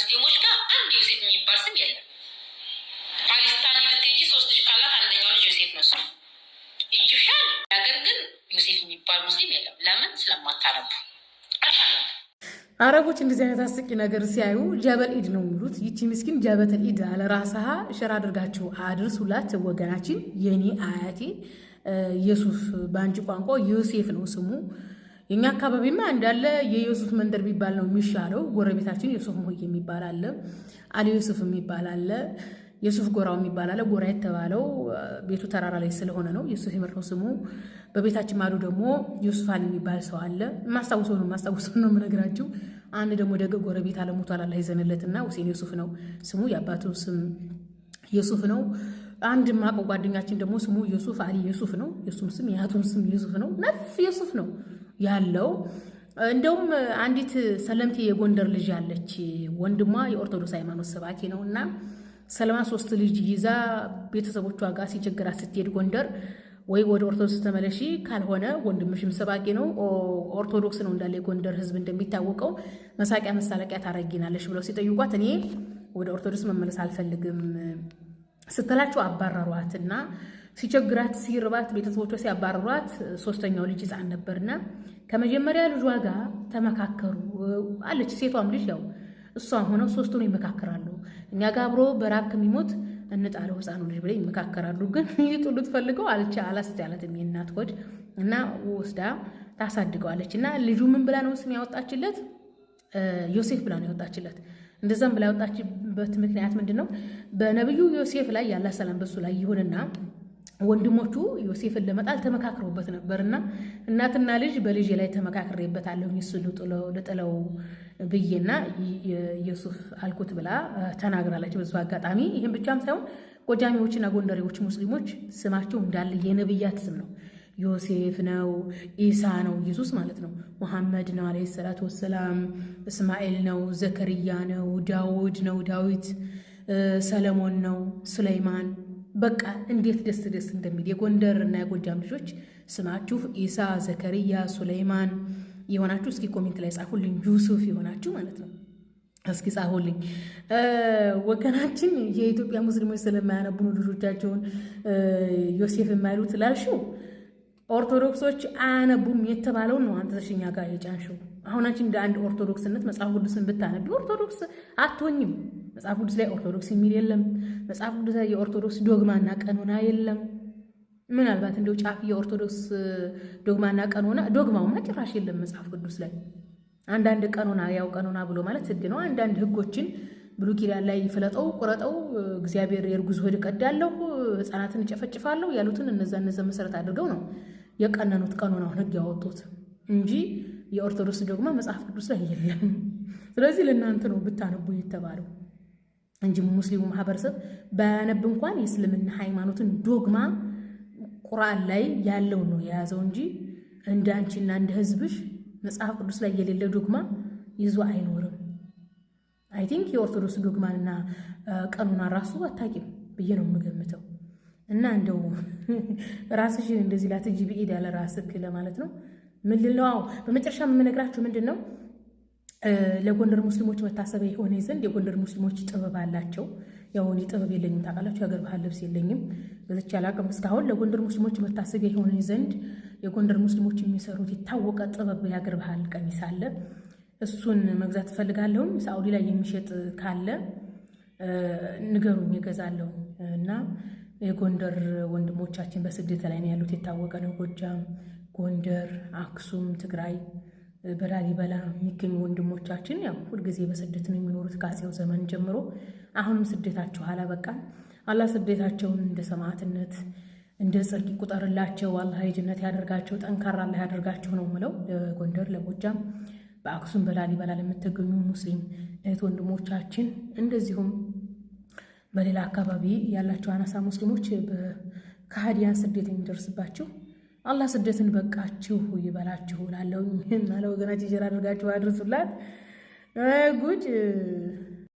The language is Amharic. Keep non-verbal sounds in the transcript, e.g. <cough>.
ሙስሊሞች ጋር አንድ ዮሴፍ የሚባል ስም የለም። ፓኪስታን ብትሄጂ ሶስት ልጅ ካላት አንደኛው ልጅ ዮሴፍ ነው ስሙ። ኢጅፕሻን ነገር ግን ዮሴፍ የሚባል ሙስሊም የለም። ለምን? ስለማታነቡ አረቦች እንደዚህ አይነት አስቂ ነገር ሲያዩ ጀበል ኢድ ነው የሚሉት። ይቺ ምስኪን ጀበተል ኢድ አለ ራስሃ ሸር አድርጋችሁ አድርሱላት ወገናችን። የኔ አያቴ ኢየሱስ በአንቺ ቋንቋ ዮሴፍ ነው ስሙ የእኛ አካባቢማ እንዳለ የዮሱፍ መንደር ቢባል ነው የሚሻለው። ጎረቤታችን ዮሱፍ ሞይ የሚባል አለ፣ አሊ ዮሱፍ የሚባል አለ፣ ዮሱፍ ጎራው የሚባል አለ። ጎራ የተባለው ቤቱ ተራራ ላይ ስለሆነ ነው ዮሱፍ የመረው ስሙ። በቤታችን ማዶ ደግሞ ዮሱፍ አሊ የሚባል ሰው አለ። ማስታውሰው ነው የማስታውሰው ነው የምነግራችሁ። አንድ ደግሞ ደግ ጎረቤት አለሙቷል አላህ ይዘንለትና ሁሴን ዮሱፍ ነው ስሙ። የአባቱ ስም ዮሱፍ ነው። አንድ ማቆ ጓደኛችን ደግሞ ስሙ ዮሱፍ አሊ ዮሱፍ ነው። የሱም ስም የአያቱም ስም ዮሱፍ ነው። ነፍ ዮሱፍ ነው። ያለው። እንደውም አንዲት ሰለምቴ የጎንደር ልጅ ያለች ወንድሟ የኦርቶዶክስ ሃይማኖት ሰባኪ ነው እና ሰለማ ሶስት ልጅ ይዛ ቤተሰቦቿ ጋር ሲቸግራ ስትሄድ ጎንደር ወይ ወደ ኦርቶዶክስ ተመለሺ፣ ካልሆነ ወንድምሽም ሰባቂ ነው ኦርቶዶክስ ነው እንዳለ የጎንደር ሕዝብ እንደሚታወቀው መሳቂያ መሳለቂያ ታረጊናለሽ ብለው ሲጠይቋት እኔ ወደ ኦርቶዶክስ መመለስ አልፈልግም ስትላቸው አባረሯትና ሲቸግራት ሲርባት ቤተሰቦቿ ሲያባረሯት ሶስተኛው ልጅ ሕፃን ነበርና ከመጀመሪያ ልጇ ጋር ተመካከሩ አለች። ሴቷም ልጅ ያው እሷም ሆነው ሶስቱ ነው ይመካከራሉ። እኛ ጋር አብሮ በራብ ከሚሞት እንጣለው ሕፃኑ ልጅ ብለ ይመካከራሉ። ግን <laughs> ይጥሉት ፈልገው አልቻ አላስቻላትም የእናት ሆድ እና ወስዳ ታሳድገዋለች። እና ልጁ ምን ብላ ነው ስም ያወጣችለት? ዮሴፍ ብላ ነው ያወጣችለት። እንደዛም ብላ ያወጣችበት ምክንያት ምንድን ነው? በነቢዩ ዮሴፍ ላይ ያላ ሰላም በሱ ላይ ይሁንና ወንድሞቹ ዮሴፍን ለመጣል ተመካክረውበት ነበር እና እናትና ልጅ በልጅ ላይ ተመካክሬበታለሁ እሱን ልጥለው ብዬና ዮሱፍ አልኩት ብላ ተናግራለች። በዙ አጋጣሚ ይህም ብቻም ሳይሆን ጎጃሚዎችና ጎንደሬዎች ሙስሊሞች ስማቸው እንዳለ የነብያት ስም ነው። ዮሴፍ ነው፣ ኢሳ ነው፣ ኢየሱስ ማለት ነው፣ ሙሐመድ ነው አለ ሰላት ወሰላም፣ እስማኤል ነው፣ ዘከርያ ነው፣ ዳውድ ነው፣ ዳዊት ሰለሞን ነው፣ ሱለይማን በቃ እንዴት ደስ ደስ እንደሚል የጎንደር እና የጎጃም ልጆች ስማችሁ ኢሳ፣ ዘከርያ፣ ሱሌይማን የሆናችሁ እስኪ ኮሜንት ላይ ጻፉልኝ። ዩሱፍ የሆናችሁ ማለት ነው እስኪ ጻፉልኝ። ወገናችን የኢትዮጵያ ሙስሊሞች ስለማያነቡ ልጆቻቸውን ዮሴፍ የማይሉት ላልሽው ኦርቶዶክሶች አያነቡም የተባለውን ነው አንተ ተሽኛ ጋር የጫንሽው። አሁናችን እንደ አንድ ኦርቶዶክስነት መጽሐፍ ቅዱስን ብታነቢ ኦርቶዶክስ አትሆኝም። መጽሐፍ ቅዱስ ላይ ኦርቶዶክስ የሚል የለም። መጽሐፍ ቅዱስ ላይ የኦርቶዶክስ ዶግማና ቀኖና የለም። ምናልባት እንደው ጫፍ የኦርቶዶክስ ዶግማና ቀኖና ዶግማውማ ጭራሽ የለም መጽሐፍ ቅዱስ ላይ። አንዳንድ ቀኖና ያው ቀኖና ብሎ ማለት ሕግ ነው። አንዳንድ ሕጎችን ብሉይ ኪዳን ላይ ፍለጠው ቁረጠው፣ እግዚአብሔር የእርጉዝ ሆድ ቀዳለሁ፣ ሕፃናትን እጨፈጭፋለሁ ያሉትን እነዛ እነዛ መሰረት አድርገው ነው የቀነኑት ቀኖናውን ሕግ ያወጡት እንጂ የኦርቶዶክስ ዶግማ መጽሐፍ ቅዱስ ላይ የለም። ስለዚህ ለእናንተ ነው ብታነቡ የተባለው። እንጂ ሙስሊሙ ማህበረሰብ ባያነብ እንኳን የእስልምና ሃይማኖትን ዶግማ ቁርአን ላይ ያለው ነው የያዘው እንጂ እንደ አንቺና እንደ ህዝብሽ መጽሐፍ ቅዱስ ላይ የሌለ ዶግማ ይዞ አይኖርም። አይ ቲንክ የኦርቶዶክስ ዶግማንና ቀኑና ራሱ አታቂም ብዬ ነው የምገምተው። እና እንደው <laughs> ራስሽን እንደዚህ ላትጂ ብሄድ ያለ ራስክ ለማለት ነው። ነው ልለው በመጨረሻ የምነግራችሁ ምንድን ነው ለጎንደር ሙስሊሞች መታሰቢያ የሆነ ዘንድ የጎንደር ሙስሊሞች ጥበብ አላቸው። ያው እኔ ጥበብ የለኝም ታውቃላችሁ፣ የሀገር ባህል ልብስ የለኝም በዚች አላቅም። እስካሁን ለጎንደር ሙስሊሞች መታሰቢያ የሆነ ዘንድ የጎንደር ሙስሊሞች የሚሰሩት የታወቀ ጥበብ የሀገር ባህል ቀሚስ አለ። እሱን መግዛት እፈልጋለሁም። ሳኡዲ ላይ የሚሸጥ ካለ ንገሩኝ፣ እገዛለሁ እና የጎንደር ወንድሞቻችን በስደት ላይ ነው ያሉት የታወቀ ነው። ጎጃም፣ ጎንደር፣ አክሱም፣ ትግራይ በላሊበላ የሚገኙ ወንድሞቻችን ያው ሁልጊዜ በስደት ነው የሚኖሩት ከአጼው ዘመን ጀምሮ። አሁንም ስደታቸው አላበቃም። አላህ ስደታቸውን እንደ ሰማዕትነት እንደ ጽድቅ ይቁጠርላቸው። አላህ የጀነት ያደርጋቸው፣ ጠንካራ አላህ ያደርጋቸው ነው ምለው። ለጎንደር፣ ለጎጃም፣ በአክሱም በላሊበላ ለምትገኙ ሙስሊም እህት ወንድሞቻችን እንደዚሁም በሌላ አካባቢ ያላቸው አናሳ ሙስሊሞች ከሀዲያን ስደት የሚደርስባቸው አላህ ስደትን በቃችሁ ይበላችሁ እላለሁ እና ለወገናችን ጀር አድርጋችሁ አድርሱላት ጉድ